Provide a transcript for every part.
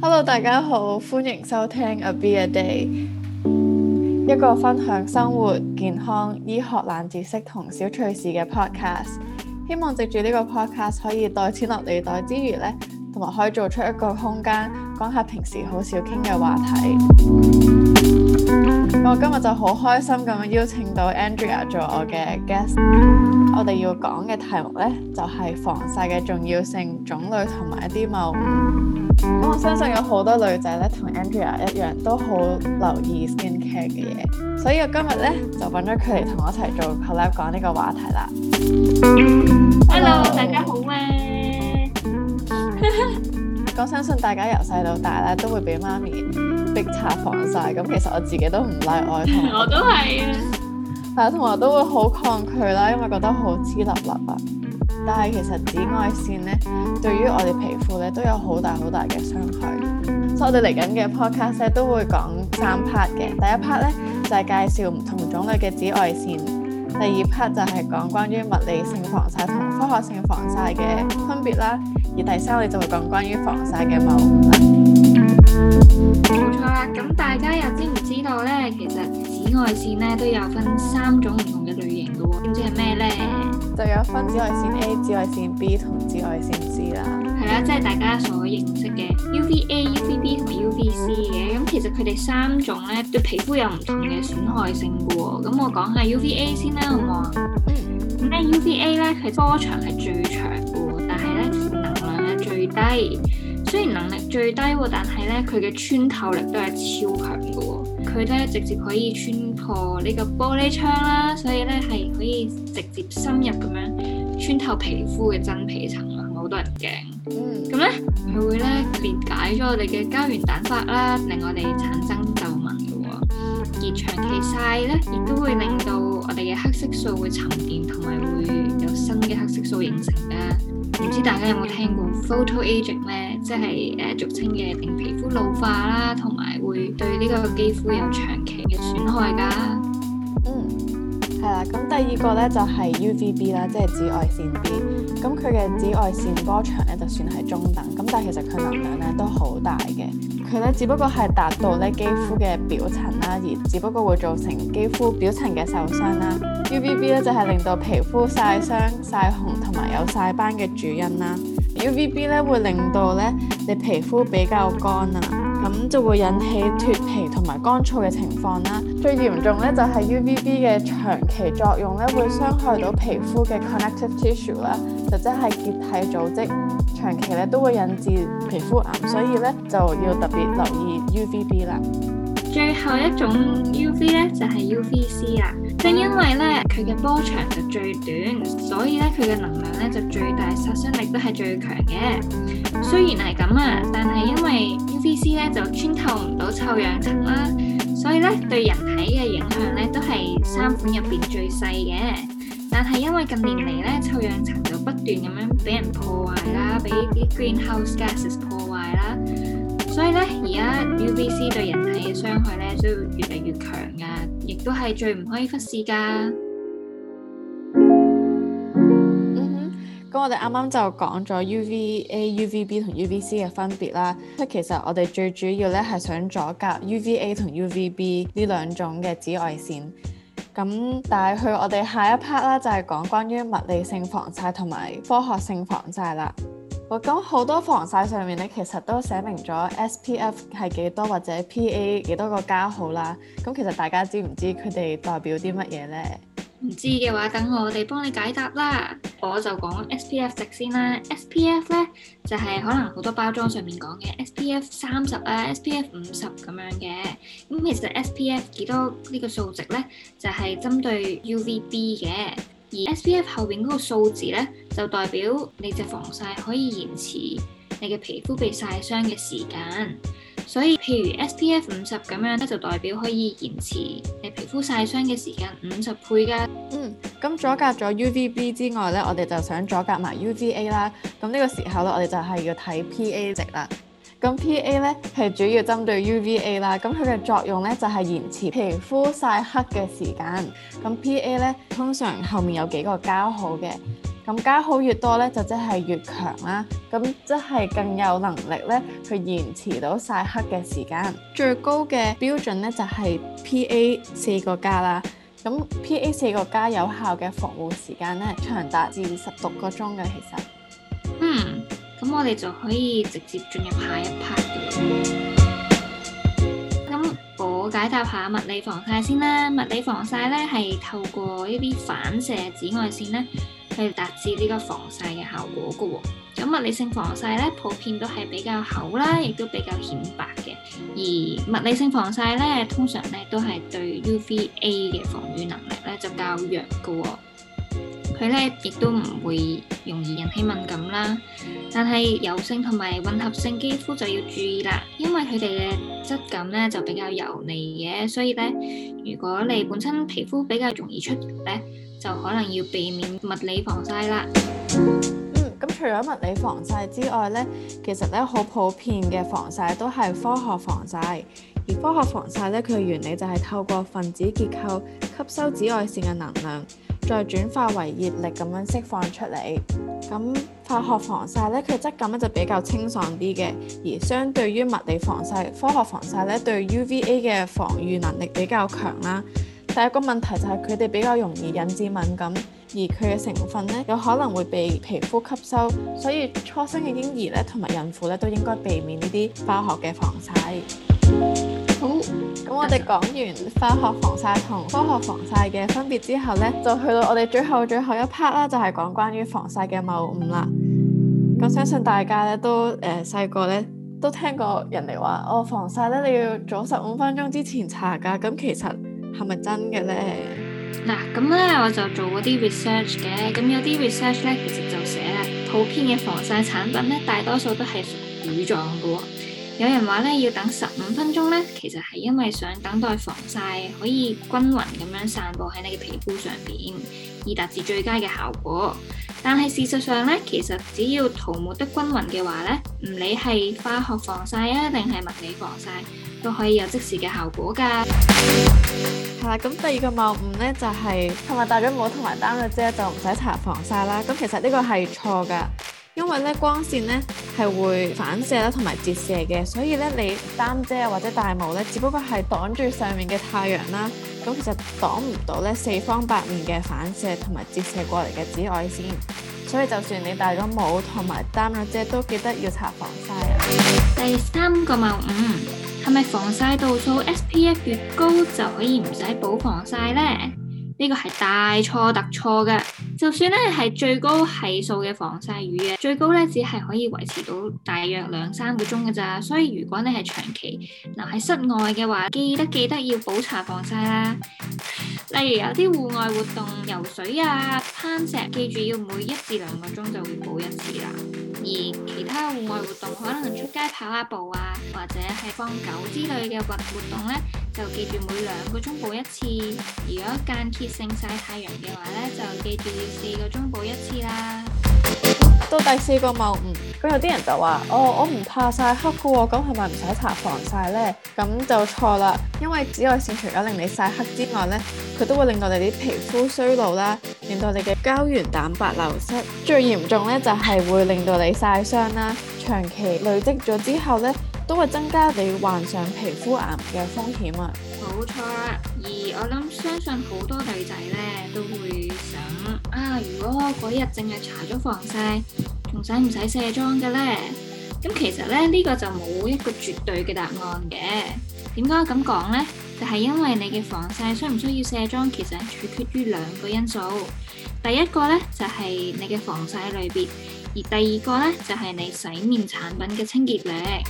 Hello，大家好，歡迎收聽 A Bee A Day，一個分享生活、健康、醫學冷知識同小趣事嘅 Podcast。希望藉住呢個 Podcast 可以代錢落地袋之餘呢，同埋可以做出一個空間，講下平時好少傾嘅話題。我今日就好開心咁邀請到 Andrea 做我嘅 guest，我哋要講嘅題目呢，就係防曬嘅重要性、種類同埋一啲謬誤。咁我相信有好多女仔呢，同 Andrea 一樣都好留意 skincare 嘅嘢，所以我今日呢，就搵咗佢嚟同我一齊做 collab 講呢個話題啦。Hello，Hello。大家好咩、啊？ 我相信大家由細到大咧都會俾媽咪搽防曬咁，其實我自己都唔拉外同， 我都係啊，但同學都會好抗拒啦，因為覺得好黐立立啊。但係其實紫外線咧，對於我哋皮膚咧都有好大好大嘅傷害。所以我哋嚟緊嘅 podcast 都會講三 part 嘅，第一 part 咧就係、是、介紹唔同種類嘅紫外線，第二 part 就係講關於物理性防曬同化學性防曬嘅分別啦，而第三我哋就會講關於防曬嘅謬誤。咁大家又知唔知道咧？其實紫外綫咧都有分三種唔同嘅類型噶喎，咁知係咩咧？就有分紫外綫 A、紫外綫 B 同紫外綫 C 啦。係啦，即係大家所認識嘅 UVA、UVB 同 UVC 嘅。咁其實佢哋三種咧對皮膚有唔同嘅損害性噶喎。咁我講下 UVA 先啦，好唔好啊？嗯。咁咧 UVA 咧係波長係最長嘅，但係咧能量係最低。雖然能力最低喎，但係咧佢嘅穿透力都係超強嘅喎。佢咧直接可以穿破呢個玻璃窗啦，所以咧係可以直接深入咁樣穿透皮膚嘅真皮層啦，好多人驚。嗯、mm，咁咧佢會咧分解咗我哋嘅膠原蛋白啦，令我哋產生皺紋嘅喎。而長期曬咧，亦都會令到我哋嘅黑色素會沉澱，同埋會有新嘅黑色素形成啦。唔知大家有冇聽過 photo ageing 咧？即係誒、呃、俗稱嘅令皮膚老化啦，同埋會對呢個肌膚有長期嘅損害噶。嗯，係啦。咁第二個咧就係、係、U V B 啦，即係紫外線 B。咁佢嘅紫外線波長咧就算係中等，咁但係其實佢能量咧都好大嘅。佢咧只不過係達到咧肌膚嘅表層啦，而只不過會造成肌膚表層嘅受傷啦。嗯、U V B 咧就係、係、令到皮膚晒傷、晒紅同埋有晒斑嘅主因啦。U V B 咧會令到咧你皮膚比較乾啊，咁就會引起脫皮同埋乾燥嘅情況啦。最嚴重咧就係 U V B 嘅長期作用咧會傷害到皮膚嘅 connective tissue 啦，即係結締組織。長期咧都會引致皮膚癌，所以咧就要特別留意 U V B 啦。最後一種 UV 咧就係 UVC 啦。正因為咧佢嘅波長就最短，所以咧佢嘅能量咧就最大，殺傷力都係最強嘅。雖然係咁啊，但係因為 UVC 咧就穿透唔到臭氧層啦，所以咧對人體嘅影響咧都係三款入邊最細嘅。但係因為近年嚟咧臭氧層就不斷咁樣俾人破壞啦，俾啲 greenhouse gases 破壞啦。所以咧，而家 UVC 對人體嘅傷害咧，都會越嚟越強噶、啊，亦都係最唔可以忽視噶。嗯哼，咁我哋啱啱就講咗 UVA、UVB 同 UVC 嘅分別啦。即其實我哋最主要咧係想阻隔 UVA 同 UVB 呢兩種嘅紫外線。咁，但係去我哋下一 part 啦，就係、是、講關於物理性防曬同埋科學性防曬啦。我講好多防曬上面咧，其實都寫明咗 SPF 係幾多或者 PA 幾多個加號啦。咁其實大家知唔知佢哋代表啲乜嘢呢？唔知嘅話，等我哋幫你解答啦。我就講 SPF 值先啦。SPF 呢，就係可能好多包裝上面講嘅 SPF 三十啊，SPF 五十咁樣嘅。咁其實 SPF 幾多呢個數值呢，就係針對 UVB 嘅。而 SPF 後邊嗰個數字咧，就代表你隻防曬可以延遲你嘅皮膚被曬傷嘅時間。所以，譬如 SPF 五十咁樣咧，就代表可以延遲你皮膚曬傷嘅時間五十倍㗎。嗯，咁阻隔咗 UVB 之外咧，我哋就想阻隔埋 UVA 啦。咁呢個時候咧，我哋就係要睇 PA 值啦。咁 PA 咧係主要針對 UVA 啦，咁佢嘅作用咧就係、是、延遲皮膚曬黑嘅時間。咁 PA 咧通常後面有幾個加號嘅，咁加號越多咧就即係越強啦，咁即係更有能力咧去延遲到曬黑嘅時間。最高嘅標準咧就係、是、PA 四個加啦，咁 PA 四個加有效嘅保護時間咧長達至十六個鐘嘅其實。咁我哋就可以直接進入下一 part 㗎喇。咁我解答下物理防曬先啦。物理防曬咧係透過一啲反射紫外線咧去達至呢個防曬嘅效果嘅、哦。咁物理性防曬咧普遍都係比較厚啦，亦都比較顯白嘅。而物理性防曬咧通常咧都係對 UVA 嘅防禦能力咧就較弱嘅、哦。佢咧亦都唔會容易引起敏感啦，但係油性同埋混合性肌膚就要注意啦，因為佢哋嘅質感咧就比較油膩嘅，所以咧如果你本身皮膚比較容易出油咧，就可能要避免物理防曬啦。嗯，咁除咗物理防曬之外咧，其實咧好普遍嘅防曬都係科學防曬，而科學防曬咧佢嘅原理就係透過分子結構吸收紫外線嘅能量。再轉化為熱力咁樣釋放出嚟。咁化學防曬咧，佢質感咧就比較清爽啲嘅。而相對於物理防曬，科學防曬咧對 UVA 嘅防禦能力比較強啦。但係個問題就係佢哋比較容易引致敏感，而佢嘅成分咧有可能會被皮膚吸收，所以初生嘅嬰兒咧同埋孕婦咧都應該避免呢啲化學嘅防曬。好、嗯。咁我哋講完化學防曬同科學防曬嘅分別之後呢，就去到我哋最後最後一 part 啦，就係、是、講關於防曬嘅謬誤啦。咁相信大家都、呃、呢都誒細個呢都聽過人哋話哦，防曬呢你要早十五分鐘之前搽噶，咁其實係咪真嘅呢？嗱，咁呢我就做嗰啲 research 嘅，咁有啲 research 呢，其實就寫普遍嘅防曬產品呢，大多數都係乳狀嘅。有人話咧要等十五分鐘咧，其實係因為想等待防曬可以均匀咁樣散布喺你嘅皮膚上面，以達至最佳嘅效果。但係事實上咧，其實只要塗抹得均匀嘅話咧，唔理係化學防曬啊，定係物理防曬，都可以有即時嘅效果噶。係啦、啊，咁第二個謬誤咧就係、是，同埋戴咗帽同埋擔咗遮就唔使搽防曬啦。咁其實呢個係錯噶。因為咧光線咧係會反射啦同埋折射嘅，所以咧你擔遮或者戴帽咧只不過係擋住上面嘅太陽啦，咁其實擋唔到咧四方八面嘅反射同埋折射過嚟嘅紫外線，所以就算你戴咗帽同埋擔遮都記得要擦防曬。第三個謬誤係咪防曬度數 SPF 越高就可以唔使補防曬呢？呢個係大錯特錯嘅，就算呢係最高係數嘅防曬乳，嘅，最高呢只係可以維持到大約兩三個鐘嘅咋，所以如果你係長期留喺室外嘅話，記得記得要補搽防曬啦。例如有啲戶外活動，游水啊、攀石，記住要每一至兩個鐘就會補一次啦。而其他戶外活動，可能出街跑下步啊，或者係放狗之類嘅活活動呢。就記住每兩個鐘補一次，如果間歇性曬太陽嘅話咧，就記住要四個鐘補一次啦。到第四個謬誤，咁有啲人就話：嗯、哦，我唔怕曬黑嘅喎，咁係咪唔使搽防曬咧？咁就錯啦，因為紫外線除咗令你曬黑之外咧，佢都會令到你啲皮膚衰老啦，令到你嘅膠原蛋白流失，最嚴重咧就係會令到你曬傷啦，長期累積咗之後咧，都會增加你患上皮膚癌嘅風險啊！冇錯，而我諗相信好多女仔咧都會想啊，如果嗰日淨係搽咗防曬，仲使唔使卸妝嘅咧？咁其實咧呢個就冇一個絕對嘅答案嘅。點解咁講咧？就係因為你嘅防曬需唔需要卸妝，其實係取決於兩個因素。第一個咧就係你嘅防曬類別。而第二個呢，就係你洗面產品嘅清潔力。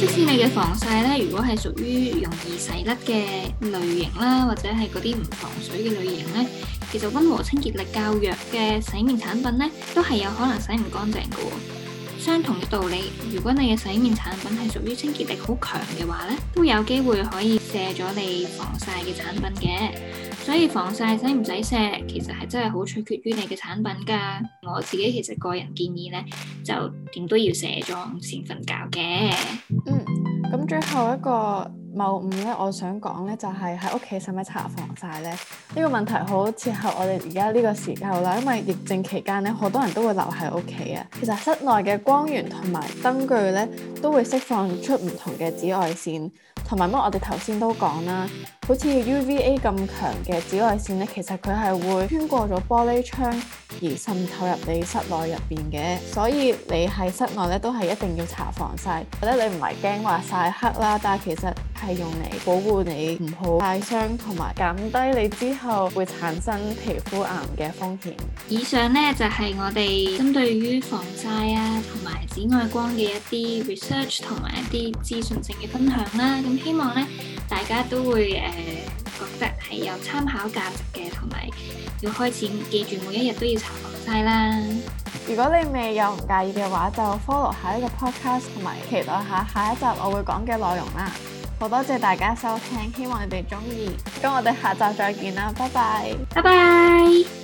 即使你嘅防曬呢，如果係屬於容易洗甩嘅類型啦，或者係嗰啲唔防水嘅類型呢，其實温和清潔力較弱嘅洗面產品呢，都係有可能洗唔乾淨嘅。相同嘅道理，如果你嘅洗面產品係屬於清潔力好強嘅話咧，都有機會可以卸咗你防曬嘅產品嘅。所以防曬使唔使卸，其實係真係好取決於你嘅產品噶。我自己其實個人建議咧，就點都要卸妝先瞓覺嘅。嗯，咁最後一個。謬誤咧，我想講咧，就係喺屋企使唔使搽防曬咧？呢個問題好切合我哋而家呢個時候啦，因為疫症期間咧，好多人都會留喺屋企啊。其實室內嘅光源同埋燈具咧，都會釋放出唔同嘅紫外線，同埋乜我哋頭先都講啦，好似 U V A 咁強嘅紫外線咧，其實佢係會穿過咗玻璃窗而滲透入你室內入邊嘅，所以你喺室內咧都係一定要搽防曬。覺得你唔係驚話晒黑啦，但係其實。係用嚟保護你唔好曬傷，同埋減低你之後會產生皮膚癌嘅風險。以上呢，就係、是、我哋針對於防曬啊同埋紫外光嘅一啲 research 同埋一啲資訊性嘅分享啦。咁希望咧大家都會誒、呃、覺得係有參考價值嘅，同埋要開始記住每一日都要搽防曬啦。如果你未有唔介意嘅話，就 follow 下一個 podcast，同埋期待下下一集我會講嘅內容啦。好多謝大家收聽，希望你哋鍾意。咁我哋下集再見啦，拜拜，拜拜。